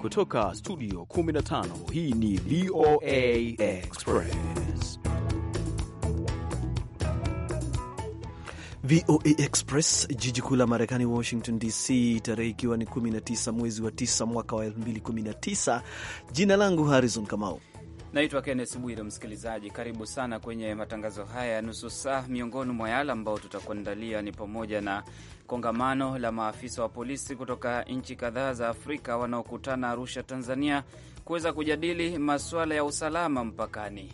Kutoka studio 15 hii ni VOA Express. VOA Express, jiji kuu la Marekani, Washington DC, tarehe ikiwa ni 19 mwezi wa 9 mwaka wa 2019. Jina langu Harrison Kamau. Naitwa Kennes Bwire. Msikilizaji, karibu sana kwenye matangazo haya ya nusu saa. Miongoni mwa yale ambao tutakuandalia ni pamoja na kongamano la maafisa wa polisi kutoka nchi kadhaa za Afrika wanaokutana Arusha, Tanzania, kuweza kujadili masuala ya usalama mpakani.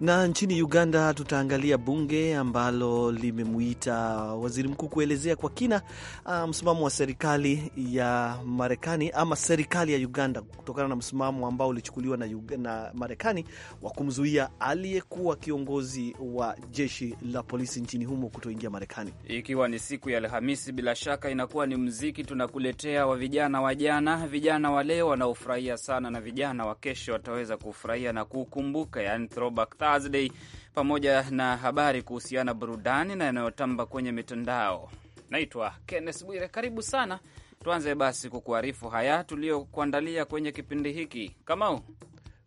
Na nchini Uganda tutaangalia bunge ambalo limemuita waziri mkuu kuelezea kwa kina ah, msimamo wa serikali ya Marekani ama serikali ya Uganda kutokana na msimamo ambao ulichukuliwa na, na Marekani wa kumzuia aliyekuwa kiongozi wa jeshi la polisi nchini humo kutoingia Marekani. Ikiwa ni siku ya Alhamisi, bila shaka inakuwa ni mziki tunakuletea wa vijana wa jana, vijana wa leo wanaofurahia sana, na vijana wa kesho wataweza kufurahia na kukumbuka yani Throwback Thursday pamoja na habari kuhusiana burudani na yanayotamba kwenye mitandao. Naitwa Kenneth Bwire, karibu sana. Tuanze basi kukuarifu haya tuliyokuandalia kwenye kipindi hiki. Kamau,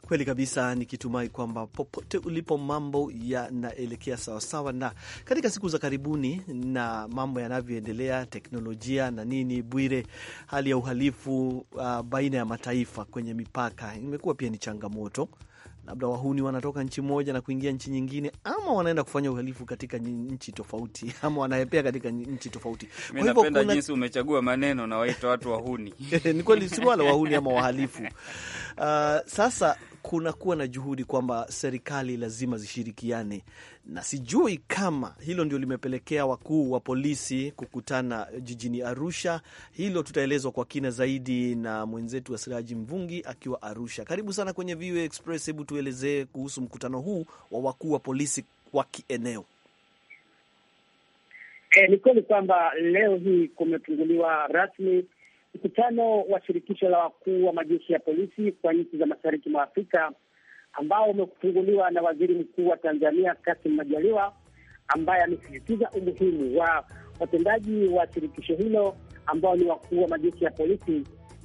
kweli kabisa, nikitumai kwamba popote ulipo mambo yanaelekea sawasawa. Na katika siku za karibuni na mambo yanavyoendelea, teknolojia na nini, Bwire, hali ya uhalifu uh, baina ya mataifa kwenye mipaka imekuwa pia ni changamoto labda wahuni wanatoka nchi moja na kuingia nchi nyingine, ama wanaenda kufanya uhalifu katika nchi tofauti, ama wanahepea katika nchi tofauti. Kwa hivyo kuna jinsi umechagua maneno na waita watu wahuni ni kweli, si wale wahuni ama wahalifu. Uh, sasa kunakuwa na juhudi kwamba serikali lazima zishirikiane, na sijui kama hilo ndio limepelekea wakuu wa polisi kukutana jijini Arusha. Hilo tutaelezwa kwa kina zaidi na mwenzetu wa Siraji Mvungi akiwa Arusha. Karibu sana kwenye VOA Express. Hebu tuelezee kuhusu mkutano huu wa wakuu wa polisi wa kieneo. E, ni kweli kwamba leo hii kumefunguliwa rasmi Mkutano wa shirikisho la wakuu wa majeshi ya polisi kwa nchi za mashariki mwa Afrika ambao umefunguliwa na waziri mkuu wa Tanzania Kassim Majaliwa, ambaye amesisitiza umuhimu wa watendaji wa shirikisho hilo ambao ni wakuu wa majeshi ya polisi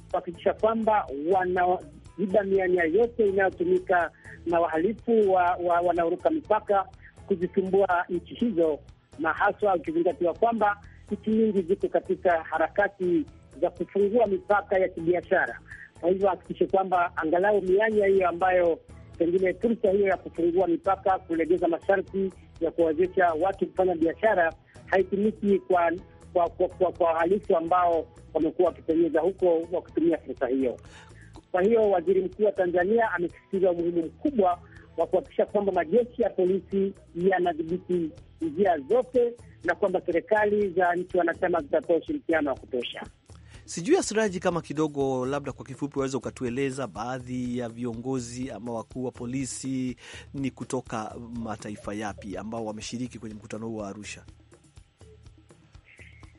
kuhakikisha kwamba wanaziba mianya yote inayotumika na wahalifu wa, wa, wanaoruka mipaka kuzisumbua nchi hizo, na haswa ukizingatiwa kwamba nchi nyingi ziko katika harakati za kufungua mipaka ya kibiashara. Kwa hivyo hakikishe kwamba angalau mianya hiyo ambayo pengine fursa hiyo ya kufungua mipaka, kulegeza masharti ya kuwawezesha watu kufanya biashara haitumiki kwa kwa kwa, kwa, kwa halifu ambao wamekuwa wakipenyeza huko wakitumia fursa hiyo. Kwa hiyo waziri mkuu wa Tanzania amesisitiza umuhimu mkubwa wa kuhakikisha kwamba majeshi ya polisi yanadhibiti njia zote na kwamba serikali za nchi wanachama zitatoa ushirikiano wa kutosha. Sijui Asiraji, kama kidogo, labda kwa kifupi, waweza ukatueleza baadhi ya viongozi ama wakuu wa polisi ni kutoka mataifa yapi ambao wameshiriki kwenye mkutano huu wa Arusha?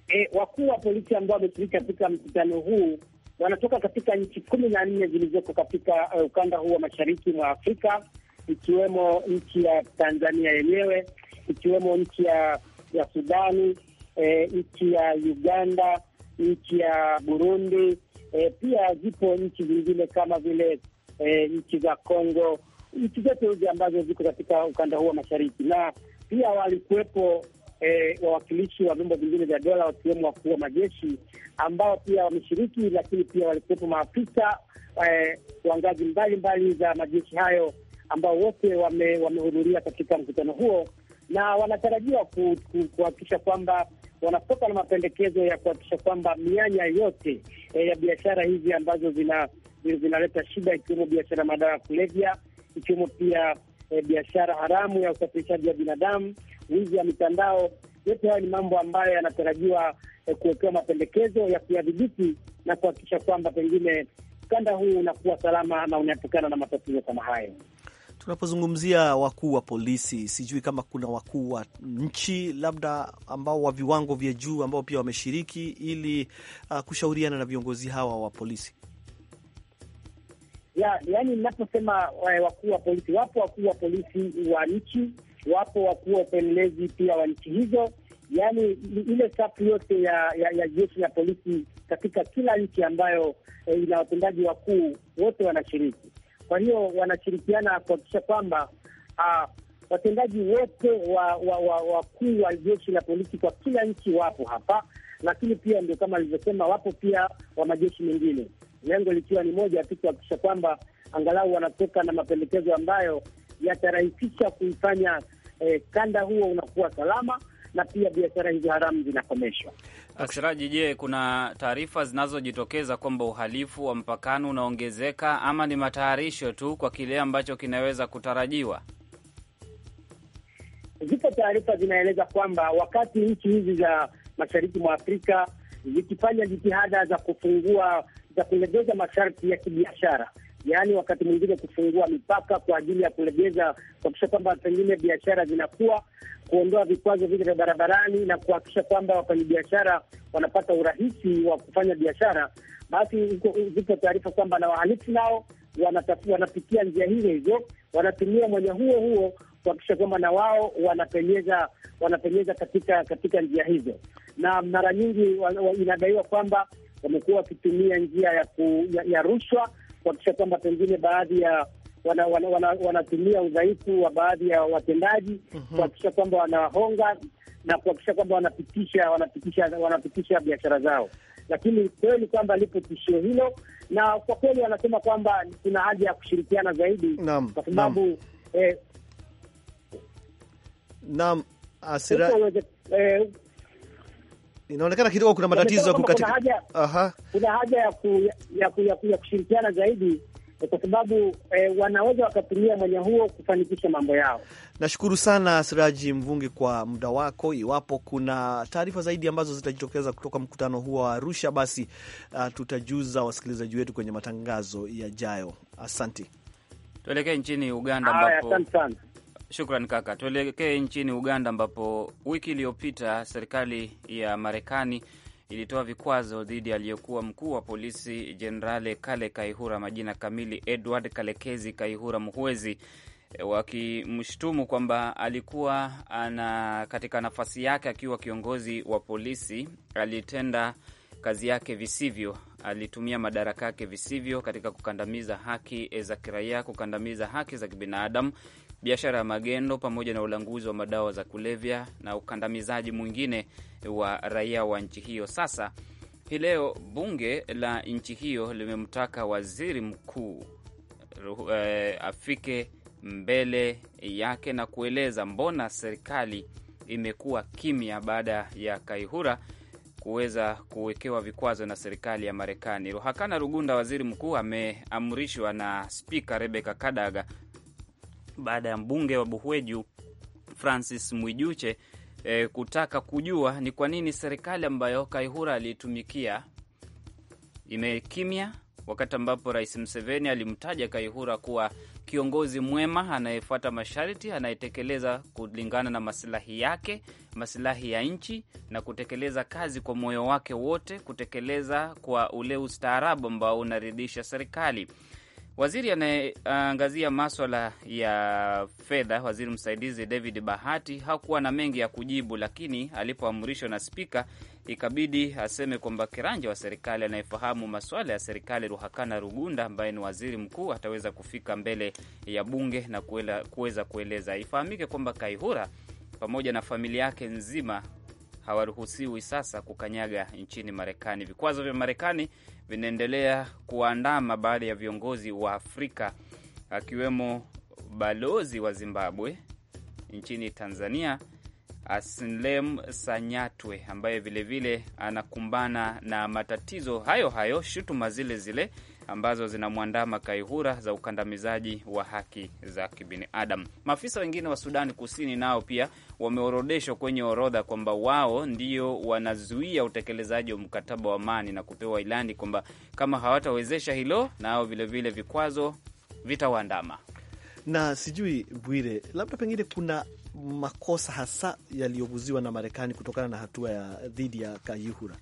E, wakuu wa polisi ambao wameshiriki katika mkutano huu wanatoka katika nchi kumi na nne zilizoko katika uh, ukanda huu wa mashariki mwa Afrika ikiwemo nchi ya Tanzania yenyewe ikiwemo nchi ya ya Sudani, e, nchi ya Uganda nchi ya Burundi. E, pia zipo nchi zingine kama vile e, nchi za Kongo, nchi zote hizi ambazo ziko katika ukanda huu wa mashariki, na pia walikuwepo e, wawakilishi wa vyombo vingine vya dola wakiwemo wakuu wa majeshi ambao pia wameshiriki, lakini pia walikuwepo maafisa e, wa ngazi mbalimbali za majeshi hayo ambao wote wamehudhuria wame katika mkutano huo na wanatarajiwa kuhakikisha kwamba wanatoka na mapendekezo ya kuhakikisha kwamba mianya yote eh, ya biashara hizi ambazo zinaleta zina shida, ikiwemo biashara madawa ya kulevya, ikiwemo pia eh, biashara haramu ya usafirishaji wa binadamu, wizi ya mitandao. Yote hayo ni mambo ambayo yanatarajiwa eh, kuwekewa mapendekezo ya kuyadhibiti na kuhakikisha kwamba pengine ukanda huu unakuwa salama na unaepukana na matatizo kama hayo tunapozungumzia wakuu wa polisi, sijui kama kuna wakuu wa nchi labda ambao wa viwango vya juu ambao pia wameshiriki ili uh, kushauriana na viongozi hawa wa polisi ya, yani ninaposema eh, wakuu wa polisi, wapo wakuu wa polisi wa nchi, wapo wakuu wa upelelezi pia wa nchi hizo, yani ile safu yote ya, ya, ya jeshi la polisi katika kila nchi ambayo eh, ina watendaji wakuu wote wanashiriki kwa hiyo wanashirikiana kuhakikisha kwamba uh, watendaji wote wakuu wa, wa, wa, wa jeshi la polisi kwa kila nchi wapo hapa, lakini pia ndio kama alivyosema, wapo pia wa majeshi mengine, lengo likiwa ni moja tu, kuhakikisha kwamba angalau wanatoka na mapendekezo ambayo yatarahisisha kuifanya eh, kanda huo unakuwa salama na pia biashara hizo haramu zinakomeshwa. Asiraji, je, kuna taarifa zinazojitokeza kwamba uhalifu wa mpakani unaongezeka ama ni matayarisho tu kwa kile ambacho kinaweza kutarajiwa? Zipo taarifa zinaeleza kwamba wakati nchi hizi za mashariki mwa Afrika zikifanya jitihada za kufungua za kulegeza masharti ya kibiashara, yaani wakati mwingine kufungua mipaka kwa ajili ya kulegeza, kuakisha kwamba pengine biashara zinakuwa kuondoa vikwazo vile vya barabarani na kuhakikisha kwamba wafanyabiashara wanapata urahisi wa kufanya biashara, basi ziko taarifa kwamba na wahalifu nao wanapitia njia hizo hizo, wanatumia mwanya huo huo kuhakikisha kwamba na wao wanapenyeza wanapenyeza katika katika njia hizo, na mara nyingi inadaiwa kwamba wamekuwa wakitumia njia ya, ku, ya, ya rushwa kuhakikisha kwamba pengine baadhi ya wanatumia wana, wana, wana udhaifu wa baadhi ya watendaji mhm. kuhakikisha kwamba wanawahonga na kuhakikisha kwamba wanapitisha wanapitisha wanapitisha biashara zao, lakini kweli kwamba lipo tishio hilo, na kwa kweli wanasema kwamba kuna haja ya kushirikiana zaidi kwa sababu eh, asira eh, inaonekana kidogo kuna matatizo ya kuna haja, kuna haja ya, ku, ya, ya, ya kushirikiana zaidi kwa sababu eh, wanaweza wakatumia mwanya huo kufanikisha mambo yao. Nashukuru sana Siraji Mvungi kwa muda wako. Iwapo kuna taarifa zaidi ambazo zitajitokeza kutoka mkutano huo wa Arusha, basi uh, tutajuza wasikilizaji wetu kwenye matangazo yajayo. Asante. Tuelekee nchini Uganda ambapo Shukran kaka. Tuelekee nchini Uganda ambapo wiki iliyopita serikali ya Marekani ilitoa vikwazo dhidi aliyekuwa mkuu wa polisi Jenerali Kale Kaihura, majina kamili Edward Kalekezi Kaihura Muhwezi, eh, wakimshutumu kwamba alikuwa ana katika nafasi yake akiwa kiongozi wa polisi alitenda kazi yake visivyo, alitumia madaraka yake visivyo katika kukandamiza haki za kiraia, kukandamiza haki za kibinadamu, biashara ya magendo pamoja na ulanguzi wa madawa za kulevya na ukandamizaji mwingine wa raia wa nchi hiyo. Sasa hii leo bunge la nchi hiyo limemtaka waziri mkuu uh, afike mbele yake na kueleza mbona serikali imekuwa kimya baada ya Kaihura kuweza kuwekewa vikwazo na serikali ya Marekani. Ruhakana Rugunda, waziri mkuu, ameamrishwa na Spika rebeka Kadaga baada ya mbunge wa Buhweju Francis Mwijuche e, kutaka kujua ni kwa nini serikali ambayo Kaihura aliitumikia imekimya wakati ambapo Rais Mseveni alimtaja Kaihura kuwa kiongozi mwema anayefuata masharti, anayetekeleza kulingana na masilahi yake, masilahi ya nchi, na kutekeleza kazi kwa moyo wake wote, kutekeleza kwa ule ustaarabu ambao unaridhisha serikali. Waziri anayeangazia maswala ya fedha, waziri msaidizi David Bahati hakuwa na mengi ya kujibu, lakini alipoamrishwa na spika ikabidi aseme kwamba kiranja wa serikali anayefahamu maswala ya serikali Ruhakana Rugunda, ambaye ni waziri mkuu, ataweza kufika mbele ya bunge na kuweza kueleza. Ifahamike kwamba Kaihura pamoja na familia yake nzima hawaruhusiwi sasa kukanyaga nchini Marekani. Vikwazo vya Marekani vinaendelea kuandama baadhi ya viongozi wa Afrika akiwemo balozi wa Zimbabwe nchini Tanzania Aslem Sanyatwe ambaye vilevile vile anakumbana na matatizo hayo hayo, shutuma zile zile ambazo zinamwandama Kaihura za ukandamizaji wa haki za kibinadamu. Maafisa wengine wa Sudani Kusini nao pia wameorodeshwa kwenye orodha kwamba wao ndio wanazuia utekelezaji wa mkataba wa amani na kupewa ilani kwamba kama hawatawezesha hilo, nao vilevile vikwazo vitawaandama. Na sijui Bwire, labda pengine kuna makosa hasa yaliyoguziwa na Marekani kutokana na hatua ya dhidi ya Kayihura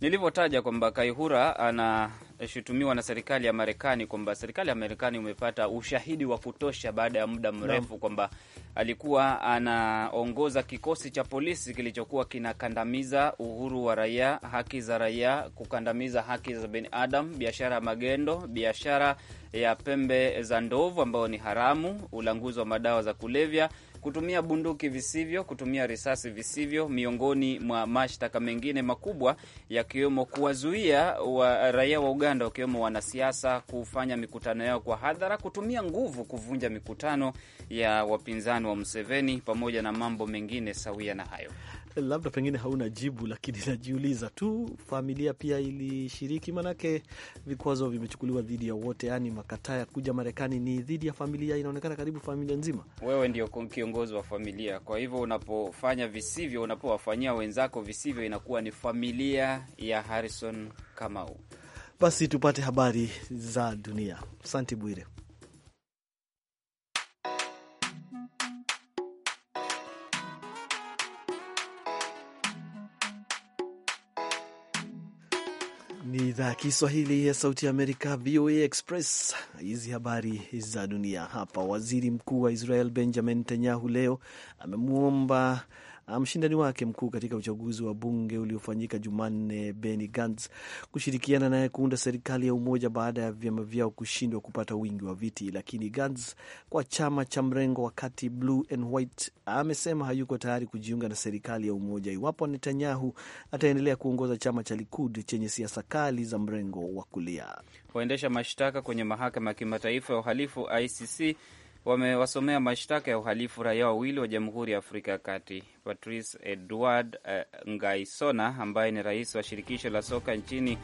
nilivyotaja kwamba Kaihura anashutumiwa na serikali ya Marekani kwamba serikali ya Marekani umepata ushahidi wa kutosha baada ya muda mrefu no. kwamba alikuwa anaongoza kikosi cha polisi kilichokuwa kinakandamiza uhuru wa raia, haki za raia, kukandamiza haki za binadamu, biashara ya magendo, biashara ya pembe za ndovu ambayo ni haramu, ulanguzi wa madawa za kulevya kutumia bunduki visivyo, kutumia risasi visivyo, miongoni mwa mashtaka mengine makubwa yakiwemo kuwazuia wa raia wa Uganda wakiwemo wanasiasa kufanya mikutano yao kwa hadhara, kutumia nguvu kuvunja mikutano ya wapinzani wa Museveni, pamoja na mambo mengine sawia na hayo labda pengine hauna jibu, lakini najiuliza tu familia pia ilishiriki, manake vikwazo vimechukuliwa dhidi ya wote, yani makataa ya kuja Marekani ni dhidi ya familia, inaonekana karibu familia nzima. Wewe ndio kiongozi wa familia, kwa hivyo unapofanya visivyo, unapowafanyia wenzako visivyo, inakuwa ni familia ya Harrison Kamau. Basi tupate habari za dunia. Asante Bwire. idhaa ya Kiswahili ya Sauti ya Amerika, VOA Express. Hizi habari za dunia hapa. Waziri Mkuu wa Israel Benjamin Netanyahu leo amemwomba Um, mshindani wake mkuu katika uchaguzi wa bunge uliofanyika Jumanne, Benny Gantz kushirikiana naye kuunda serikali ya umoja baada ya vyama vyao kushindwa kupata wingi wa viti. Lakini Gantz kwa chama cha mrengo wa kati Blue and White amesema hayuko tayari kujiunga na serikali ya umoja iwapo Netanyahu ataendelea kuongoza chama cha Likud chenye siasa kali za mrengo wa kulia. Waendesha mashtaka kwenye mahakama ya kimataifa ya uhalifu ICC wamewasomea mashtaka ya uhalifu raia wawili wa Jamhuri ya Afrika ya Kati, Patrice Edward uh, eh, Ngaisona ambaye ni rais wa shirikisho la soka nchini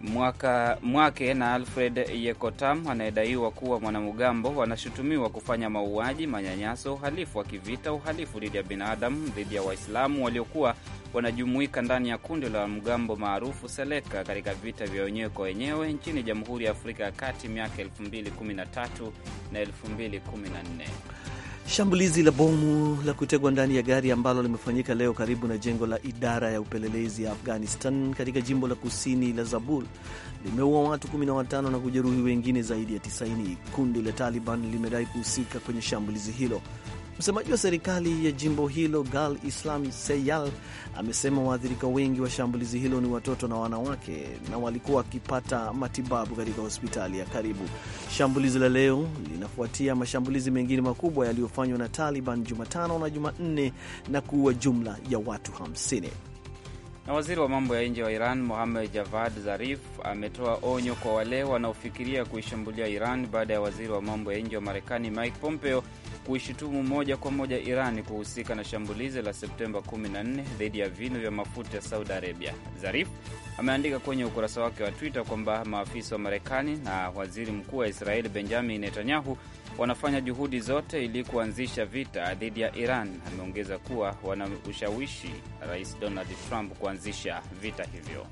mwaka mwake na Alfred Yekotam anayedaiwa kuwa mwanamgambo, wanashutumiwa kufanya mauaji, manyanyaso, uhalifu wa kivita, uhalifu dhidi ya binadamu, dhidi ya Waislamu waliokuwa wanajumuika ndani ya kundi la mgambo maarufu Seleka katika vita vya wenyewe kwa wenyewe nchini Jamhuri ya Afrika ya Kati miaka 2013 na 2014. Shambulizi la bomu la kutegwa ndani ya gari ambalo limefanyika leo karibu na jengo la idara ya upelelezi ya Afghanistan katika jimbo la kusini la Zabul limeua watu 15 na kujeruhi wengine zaidi ya 90. Kundi la Taliban limedai kuhusika kwenye shambulizi hilo. Msemaji wa serikali ya jimbo hilo Gal Islam Seyal amesema waathirika wengi wa shambulizi hilo ni watoto na wanawake na walikuwa wakipata matibabu katika hospitali ya karibu. Shambulizi la leo linafuatia mashambulizi mengine makubwa yaliyofanywa na Taliban Jumatano na Jumanne na kuua jumla ya watu 50. Na waziri wa mambo ya nje wa Iran Mohamed Javad Zarif ametoa onyo kwa wale wanaofikiria kuishambulia Iran baada ya waziri wa mambo ya nje wa Marekani Mike Pompeo kuishutumu moja kwa moja Irani kuhusika na shambulizi la Septemba 14 dhidi ya vinu vya mafuta ya Saudi Arabia. Zarif ameandika kwenye ukurasa wake wa Twitter kwamba maafisa wa Marekani na waziri mkuu wa Israeli Benjamin Netanyahu wanafanya juhudi zote ili kuanzisha vita dhidi ya Iran. Ameongeza kuwa wana ushawishi Rais Donald Trump kuanzisha vita hivyo.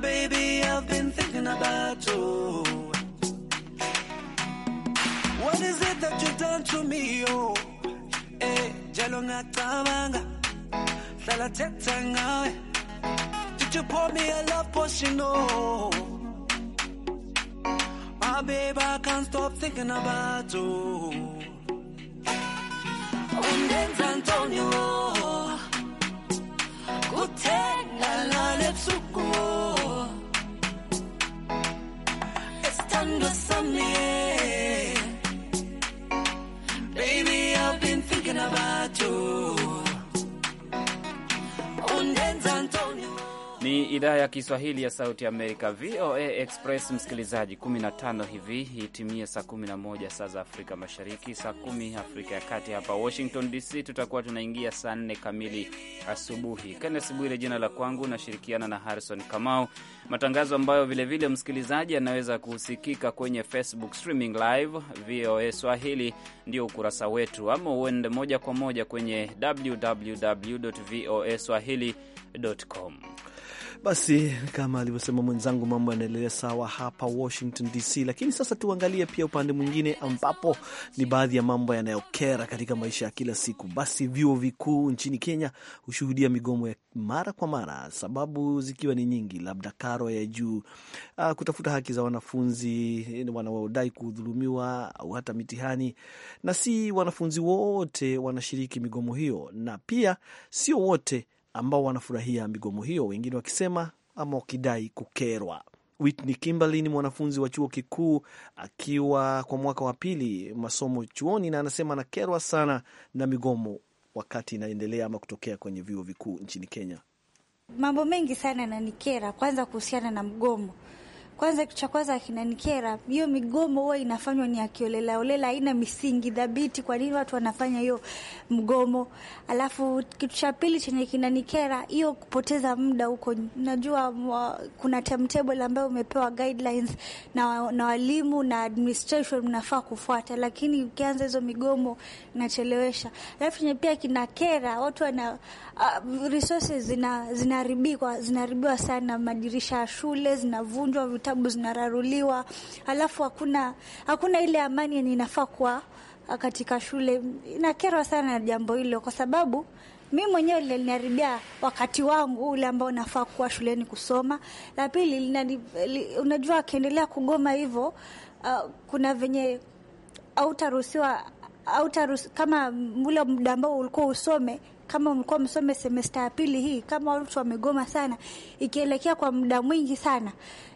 baby, I've been thinking about you. What is it that you've done to me, oh? Eh, jalo ngatabanga, hlala thetha ngawe. Did you pour me a love potion, oh? My baby, I can't stop thinking about you. Undenza Antonio, kuthenga la lepsuku. idhaa ya Kiswahili ya Sauti Amerika, VOA Express. Msikilizaji, 15 hivi itimie saa 11 saa za Afrika Mashariki, saa kumi Afrika ya Kati. Hapa Washington DC tutakuwa tunaingia saa 4 kamili asubuhi. Kennes Bwire jina la kwangu, nashirikiana na Harrison Kamau, matangazo ambayo vilevile vile msikilizaji anaweza kusikika kwenye Facebook streaming live. VOA Swahili ndio ukurasa wetu, ama uende moja kwa moja kwenye www voa swahili com basi kama alivyosema mwenzangu, mambo yanaendelea sawa hapa Washington DC, lakini sasa tuangalie pia upande mwingine, ambapo ni baadhi ya mambo yanayokera katika maisha ya kila siku. Basi vyuo vikuu nchini Kenya hushuhudia migomo ya mara kwa mara, sababu zikiwa ni nyingi, labda karo ya juu, ah, kutafuta haki za wanafunzi eh, wanaodai kudhulumiwa, au hata mitihani. Na si wanafunzi wote wanashiriki migomo hiyo, na pia sio wote ambao wanafurahia migomo hiyo, wengine wakisema ama wakidai kukerwa. Whitney Kimberly ni mwanafunzi wa chuo kikuu akiwa kwa mwaka wa pili masomo chuoni, na anasema anakerwa sana na migomo wakati inaendelea ama kutokea kwenye vyuo vikuu nchini Kenya. Mambo mengi sana nanikera, kwanza kuhusiana na mgomo kwanza kitu cha kwanza kinanikera, hiyo migomo huwa inafanywa ni akiolela olela, haina misingi thabiti. Kwa nini watu wanafanya hiyo mgomo? Alafu kitu cha pili chenye kinanikera, hiyo kupoteza muda huko. Najua mwa, kuna timetable ambayo umepewa guidelines na, na walimu na administration mnafaa kufuata, lakini ukianza hizo migomo inachelewesha. Alafu chenye pia kinakera watu wana uh, resources zina zinaharibiwa sana, madirisha ya shule zinavunjwa, vitabu zinararuliwa, alafu hakuna hakuna ile amani yenye inafaa kuwa uh, katika shule. Inakerwa sana na jambo hilo kwa sababu mi mwenyewe liliniharibia wakati wangu ule ambao nafaa kuwa shuleni kusoma. La pili li, unajua akiendelea kugoma hivyo uh, kuna venye autaruhusiwa autaruhusiwa kama ule muda ambao ulikuwa usome kama mlikuwa msome semesta ya pili hii, kama watu wamegoma sana, ikielekea kwa muda mwingi sana,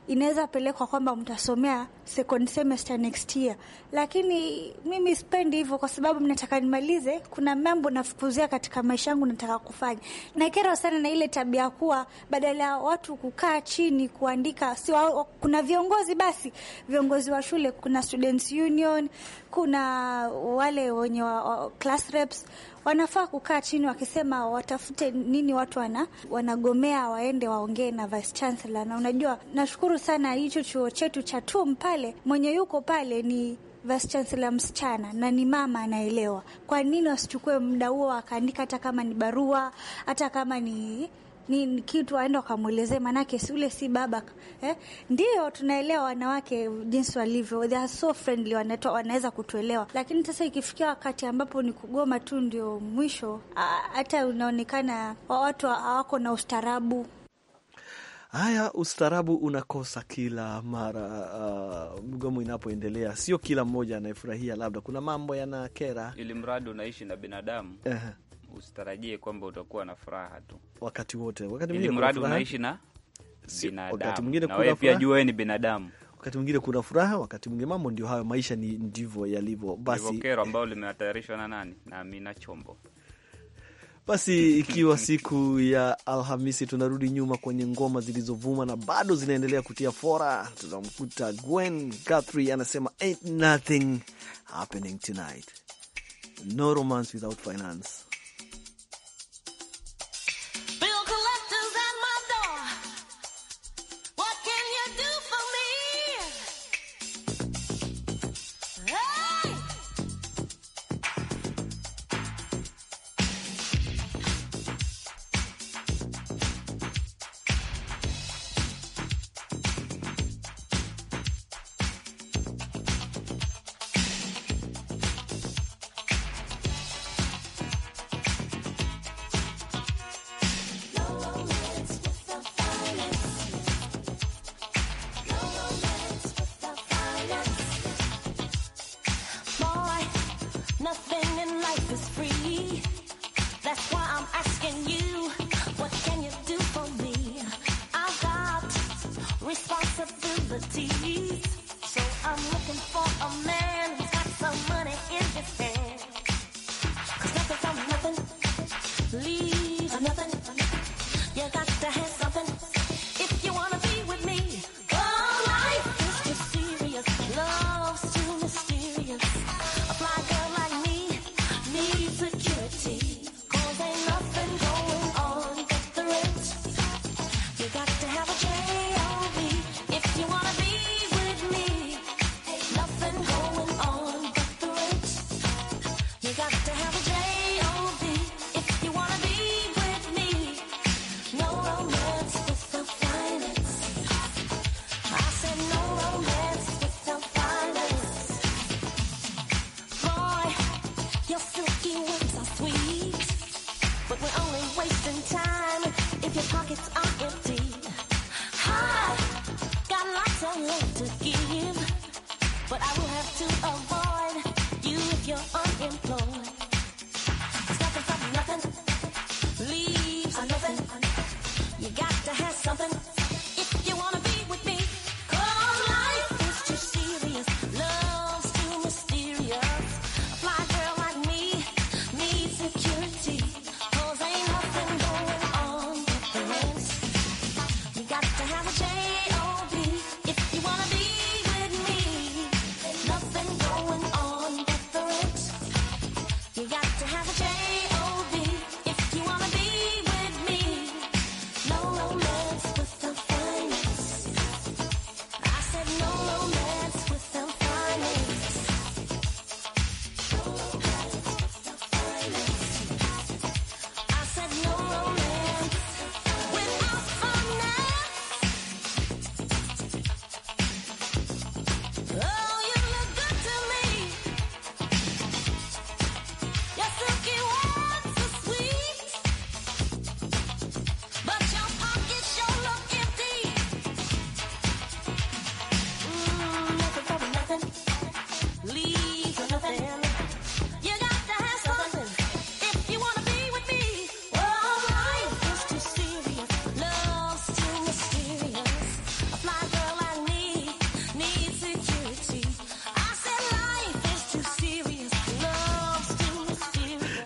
inaweza pelekwa kwamba mtasomea second semester next year, lakini mimi sipendi hivyo, kwa sababu nataka nimalize. Kuna mambo nafukuzia katika maisha yangu, nataka kufanya. Nakera sana na ile tabia kuwa badala ya watu kukaa chini kuandika, si wa, kuna viongozi basi, viongozi wa shule, kuna students union, kuna wale wenye wa, wa, class reps wanafaa kukaa chini wakisema watafute nini watu wana, wanagomea waende waongee na vice chancellor. Na unajua nashukuru sana hicho chuo chetu cha TUM pale, mwenye yuko pale ni vice chancellor msichana na ni mama anaelewa. Kwa nini wasichukue muda huo akaandika, hata kama ni barua, hata kama ni ni kitu aenda ukamwelezee, manake ule si baba eh? Ndio tunaelewa wanawake jinsi walivyo, they are so friendly, wanatoa wanaweza kutuelewa, lakini sasa ikifikia wakati ambapo ni kugoma tu ndio mwisho, hata unaonekana watu hawako na ustarabu Haya, ustarabu unakosa kila mara uh, mgomo inapoendelea. Sio kila mmoja anayefurahia, labda kuna mambo yanakera, ili mradi unaishi na binadamu uh -huh usitarajie kwamba utakuwa na furaha tu wakati wote, wakati mwingine mradi unaishi na binadamu, na wewe pia jua wewe ni binadamu wakati mwingine kuna furaha, wakati mwingine mambo ndio hayo, maisha ni ndivyo yalivyo. Basi kero ambayo limetayarishwa na nani? Na Amina Chombo. Basi ikiwa siku ya Alhamisi, tunarudi nyuma kwenye ngoma zilizovuma na bado zinaendelea kutia fora. Tunamkuta Gwen Guthrie anasema ain't nothing happening tonight, no romance without finance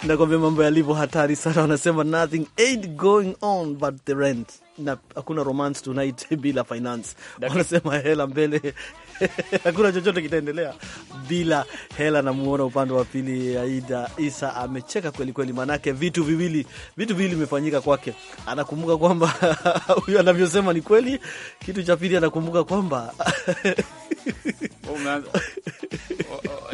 Nakwambia mambo yalivyo hatari sana, wanasema nothing aid going on but the rent na hakuna romance tonight bila finance. Wanasema hela mbele hakuna chochote kitaendelea bila hela. Namuona upande wa pili, Aida Isa amecheka kweli kweli, maanake vitu viwili vitu viwili vimefanyika kwake. Anakumbuka kwamba huyu anavyosema ni kweli. Kitu cha pili anakumbuka kwamba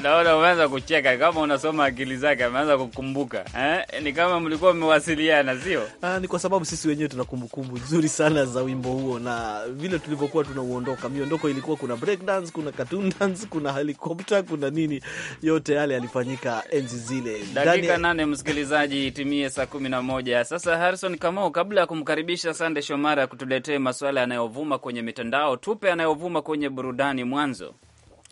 naona umeanza kucheka kama unasoma akili zake, ameanza kukumbuka eh? Ni kama mlikuwa mmewasiliana, sio? Ah, ni kwa sababu sisi wenyewe tuna kumbukumbu nzuri sana za wimbo huo na vile tulivyokuwa tunauondoka. Miondoko ilikuwa kuna break dance, kuna cartoon dance, kuna helicopter, kuna nini, yote yale yalifanyika enzi zile. Dakika nane, msikilizaji, itimie saa kumi na moja sasa. Harrison Kamau, kabla ya kumkaribisha Sande Shomara kutuletea masuala yanayovuma kwenye mitandao, tupe yanayovuma kwenye burudani mwanzo.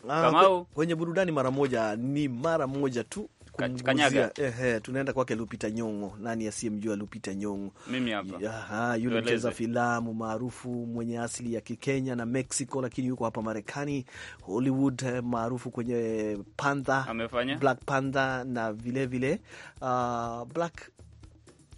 Ah, Kamau, kwenye burudani mara moja ni mara moja tu kumguzia. Ehe, tunaenda kwake Lupita Nyong'o. Nani asiyemjua Lupita Nyong'o? Mimi hapa yule mcheza filamu maarufu mwenye asili ya Kikenya na Mexico, lakini yuko hapa Marekani Hollywood, eh, maarufu kwenye Panther, Black Panther na vilevile vile, uh, Black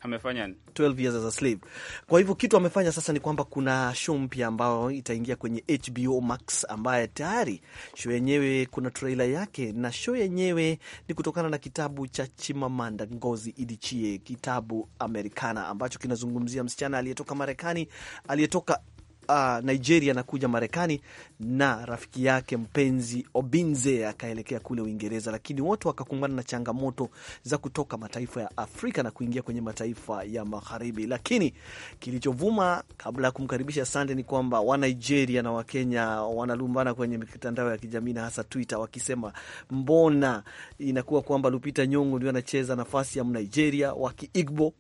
amefanya 12 years as a slave. Kwa hivyo kitu amefanya sasa ni kwamba kuna show mpya ambayo itaingia kwenye HBO Max, ambaye tayari show yenyewe kuna trailer yake, na show yenyewe ni kutokana na kitabu cha Chimamanda Ngozi Adichie, kitabu Americana ambacho kinazungumzia msichana aliyetoka Marekani, aliyetoka uh, Nigeria na kuja Marekani na rafiki yake mpenzi Obinze akaelekea kule Uingereza, lakini wote wakakumbana na changamoto za kutoka mataifa ya Afrika na kuingia kwenye mataifa ya Magharibi. Lakini kilichovuma kabla ya kumkaribisha Sande ni kwamba Wanigeria na Wakenya wanalumbana kwenye mitandao ya kijamii na hasa Twitter wakisema mbona inakuwa kwamba Lupita Nyong'o ndio anacheza nafasi ya Mnigeria wa Kiigbo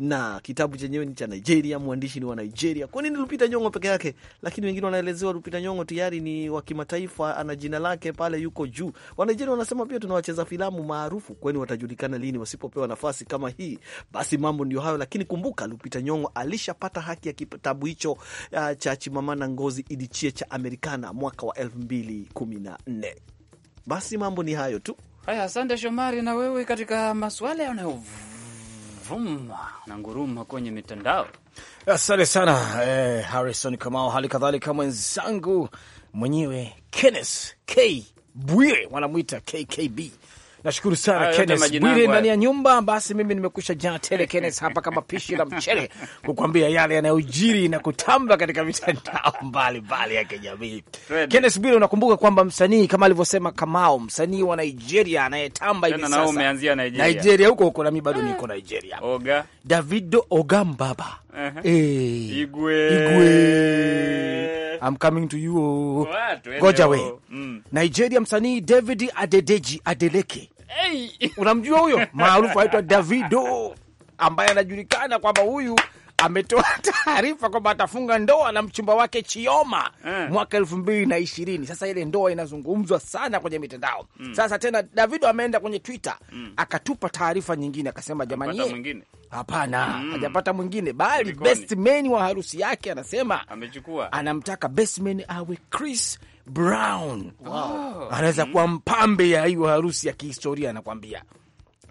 na kitabu chenyewe ni cha Nigeria, mwandishi ni wa Nigeria. Kwa nini Lupita Nyong'o peke yake? Lakini wengine wanaelezewa Lupita Nyong'o tayari ni wa kimataifa, ana jina lake pale, yuko juu. Wa Nigeria wanasema pia tuna wacheza filamu maarufu, kwani watajulikana lini wasipopewa nafasi kama hii? Basi mambo ndio hayo, lakini kumbuka Lupita Nyong'o alishapata haki ya kitabu hicho uh, cha Chimamanda Ngozi Adichie cha Amerikana mwaka wa 2014. Basi mambo ni hayo tu. Haya, asante Shomari, na wewe katika masuala yanayo yanavuma na nguruma kwenye mitandao. Asante sana eh, Harrison Kamau, hali kadhalika mwenzangu mwenyewe Kenneth K Bwire, wanamwita KKB Nashukuru sana Kenneth Bwire ndani ya nyumba. Basi mimi nimekusha jana tele Kenneth hapa kama pishi la mchele kukwambia yale yanayojiri na kutamba katika mitandao mbalimbali ya kijamii. Kenneth Bwire, unakumbuka kwamba msanii kama alivyosema Kamao, msanii wa Nigeria anayetamba hivi sasa. Umeanzia Nigeria. Nigeria huko huko nami bado niko eh. Nigeria. Oga. Davido Ogambaba. Uh eh. -huh. Eh. Igwe. Igwe. I'm coming to you goja we mm. Nigeria, msanii David Adedeji Adeleke hey. Unamjua huyo maarufu aitwa Davido ambaye anajulikana kwamba huyu ametoa taarifa kwamba atafunga ndoa na mchumba wake Chioma eh, mwaka elfu mbili na ishirini. Sasa ile ndoa inazungumzwa sana kwenye mitandao mm. Sasa tena Davido ameenda kwenye Twitter mm, akatupa taarifa nyingine akasema, jamani, hapana, mm. hajapata mwingine bali best man wa harusi yake anasema amechukua, anamtaka best man awe Chris Brown. Wow. Oh. Anaweza kuwa mpambe ya hiyo harusi ya kihistoria anakwambia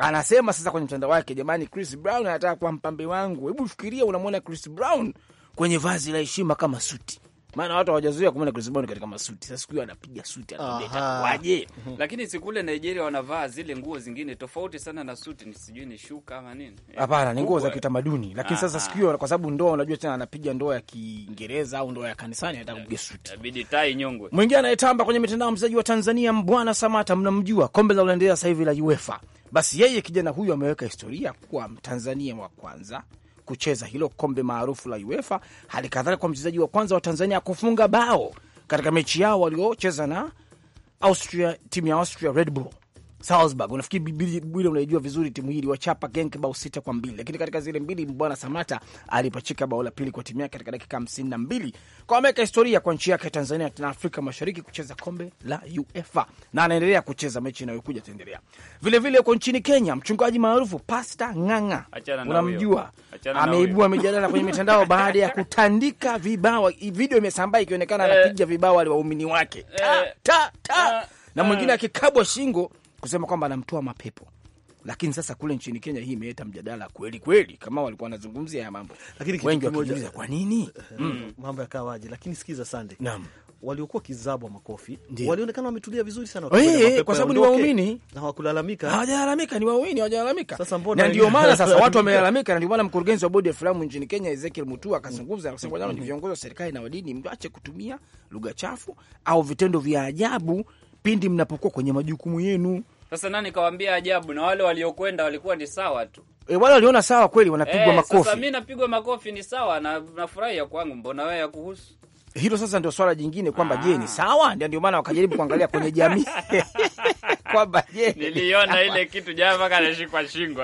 Anasema sasa kwenye mtandao wake, jamani, Chris Brown anataka kuwa mpambe wangu. Hebu fikiria, unamwona Chris Brown kwenye vazi la heshima kama suti maana watu hawajazoea kumwona Chris Brown katika masuti. Sasa siku hiyo anapiga suti, analeta waje. Lakini sikule Nigeria wanavaa zile nguo zingine tofauti sana na suti, sijui ni shuka ama nini. Hapana, ni nguo za kitamaduni. Lakini sasa siku hiyo, kwa sababu ndoa, unajua tena anapiga ndoa ya Kiingereza au ndoa ya kanisani, anataka kupiga suti, inabidi tai nyongwe. Mwingine anayetamba kwenye mitandao, mchezaji wa Tanzania Mbwana Samata, mnamjua, kombe linaloendelea sasa hivi la UEFA. Basi yeye kijana huyu ameweka historia kuwa Mtanzania wa kwanza kucheza hilo kombe maarufu la UEFA, hali kadhalika kwa mchezaji wa kwanza wa Tanzania kufunga bao katika mechi yao waliocheza na Austria, timu ya Austria Red Bull. Salzburg. Unafikiri unaijua vizuri timu hii Genk bao sita kwa mbili, lakini katika zile mbili Mbwana Samata alipachika bao la pili kwa timu yake katika dakika hamsini na mbili kwa ameweka historia kwa nchi yake ya Tanzania na Afrika Mashariki kucheza kombe la UEFA na anaendelea kucheza mechi inayokuja ataendelea vilevile. Huko nchini Kenya, mchungaji maarufu Pasta Ng'ang'a unamjua, ameibua mijadala kwenye mitandao baada ya kutandika vibao, video imesambaa ikionekana eh. anapiga vibao wake eh. ta, ta, ta. Eh. na mwingine akikabwa shingo kusema kwamba anamtoa mapepo lakini sasa kule nchini Kenya hii imeleta mjadala kweli kweli, kama walikuwa wanazungumzia ya mambo, lakini wengi wakiuliza kwa nini eh, eh, mm, mambo yakawaje. Lakini sikiza Sande, naam, waliokuwa kizabu wa makofi walionekana wametulia vizuri sana hey, eh, kwa sababu ni waumini na hawakulalamika, hawajalalamika, ni waumini hawajalalamika. Sasa mbona na ndio maana sasa watu wamelalamika, na ndio maana mkurugenzi wa bodi ya filamu nchini Kenya Ezekiel Mutua akazungumza na kusema kwamba ni mm-hmm. viongozi wa serikali na wadini mwache kutumia lugha chafu au vitendo vya ajabu pindi mnapokuwa kwenye majukumu yenu. Sasa nani kawambia ajabu? Na wale waliokwenda walikuwa ni sawa tu. E, wale waliona sawa kweli, wanapigwa e, makofi. Sasa mimi napigwa makofi ni sawa na nafurahi ya kwangu, mbona wewe yakuhusu? Hilo sasa ndio swala jingine kwamba ah. je, ni sawa? Ndio maana wakajaribu kuangalia kwenye jamii kwamba je, niliona ile kitu jamaa mpaka anashikwa shingo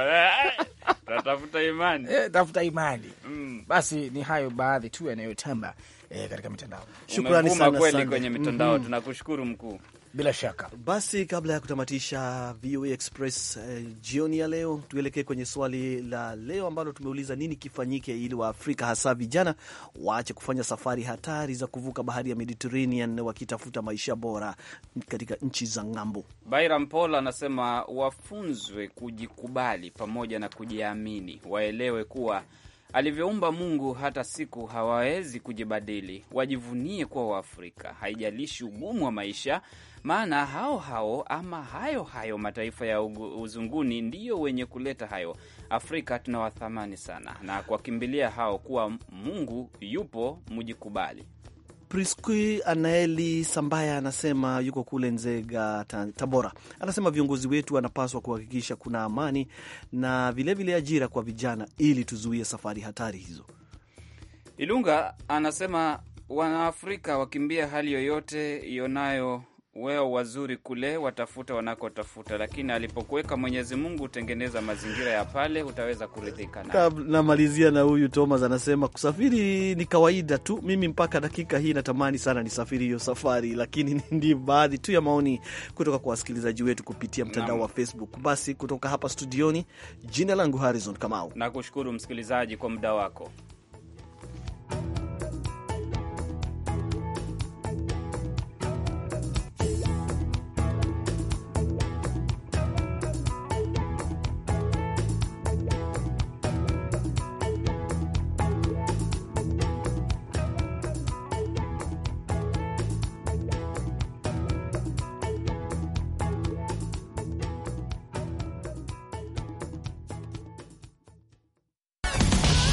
tatafuta eh, eh, imani e, tafuta imani mm. Basi ni hayo baadhi tu yanayotamba e, katika mitandao. Shukrani sana kweli kwenye mitandao mm -hmm. Tunakushukuru mkuu bila shaka. Basi kabla ya kutamatisha VOA Express eh, jioni ya leo, tuelekee kwenye swali la leo ambalo tumeuliza nini kifanyike ili Waafrika hasa vijana waache kufanya safari hatari za kuvuka bahari ya Mediterranean wakitafuta maisha bora katika nchi za ng'ambo. Bairam Paul anasema wafunzwe kujikubali pamoja na kujiamini, waelewe kuwa alivyoumba Mungu hata siku hawawezi kujibadili, wajivunie kuwa Waafrika, haijalishi ugumu wa maisha maana hao hao ama hayo hayo mataifa ya uzunguni ndiyo wenye kuleta hayo. Afrika tunawathamani sana na kuwakimbilia hao kuwa Mungu yupo, mujikubali. Priski Anaeli Sambaya anasema yuko kule Nzega, Tabora. Anasema viongozi wetu wanapaswa kuhakikisha kuna amani na vilevile vile ajira kwa vijana ili tuzuie safari hatari hizo. Ilunga anasema Wanaafrika wakimbia hali yoyote ionayo weo wazuri kule watafuta wanakotafuta, lakini alipokuweka Mwenyezi Mungu hutengeneza mazingira ya pale utaweza kuridhika na. Namalizia na huyu Thomas anasema kusafiri ni kawaida tu, mimi mpaka dakika hii natamani sana nisafiri hiyo safari, lakini ndi baadhi tu ya maoni kutoka kwa wasikilizaji wetu kupitia mtandao wa Facebook. Basi kutoka hapa studioni, jina langu Harrison Kamau, nakushukuru msikilizaji kwa muda wako.